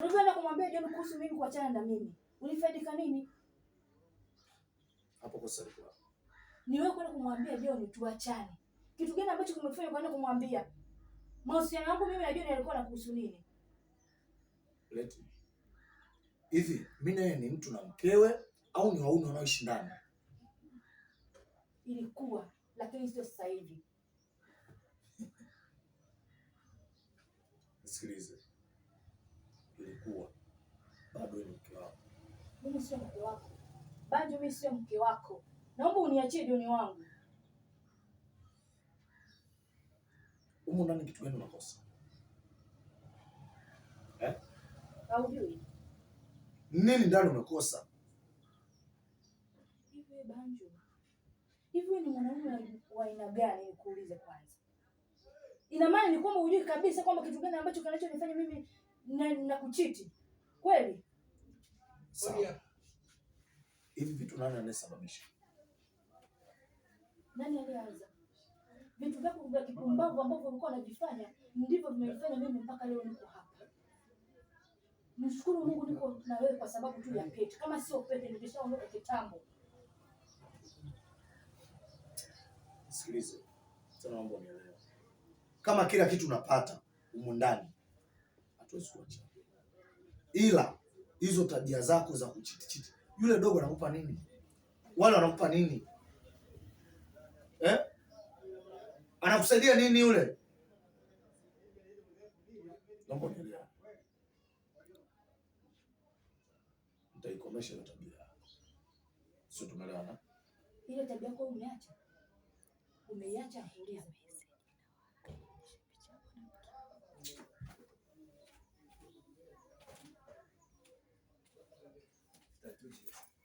Ulikwenda kumwambia John kuhusu mimi kuachana na mimi. Ulifaidika nini? Hapo kosa liko wapi? Ni wewe kwenda kumwambia John tuachane. Kitu gani ambacho kumefanya kwenda kumwambia? Mahusiano yangu mimi na John yalikuwa na kuhusu nini? Leti. Hivi mimi naye ni mtu na mkewe au ni waume ndani? Ilikuwa lakini sio sasa hivi. Sikilize ulikuwa bado ni mke wako. Mimi sio mke wako Banju, mimi sio mke wako, naomba uniachie Joni wangu. Umu ndani kitu gani unakosa eh? Haujui nini ndani unakosa hivi? Banju, hivi ni mwanaume wa aina gani? Nikuulize kwanza, ina maana ni kwamba hujui kabisa kwamba kitu gani ambacho kinachonifanya mimi na kuchiti kweli. Sawa. Hivi vitu nani anasababisha? Nani alianza? Vitu vyako vya kipumbavu ambavyo ulikuwa unajifanya ndivyo vimenifanya mimi mpaka leo niko hapa. Mshukuru Mungu niko na wewe kwa sababu tu ya pete. Kama sio pete ningeshaondoka kitambo. Sikilize. Tunaomba mambo kama kila kitu unapata humu ndani hatuwezi kuacha, ila hizo tabia zako za kuchitichiti, yule dogo anakupa nini? Wale wanakupa nini eh? Anakusaidia nini yule? Nitaikomesha hiyo tabia, sio? Tumeelewana? Ile tabia kwa umeacha, umeiacha kulia Appreciate it.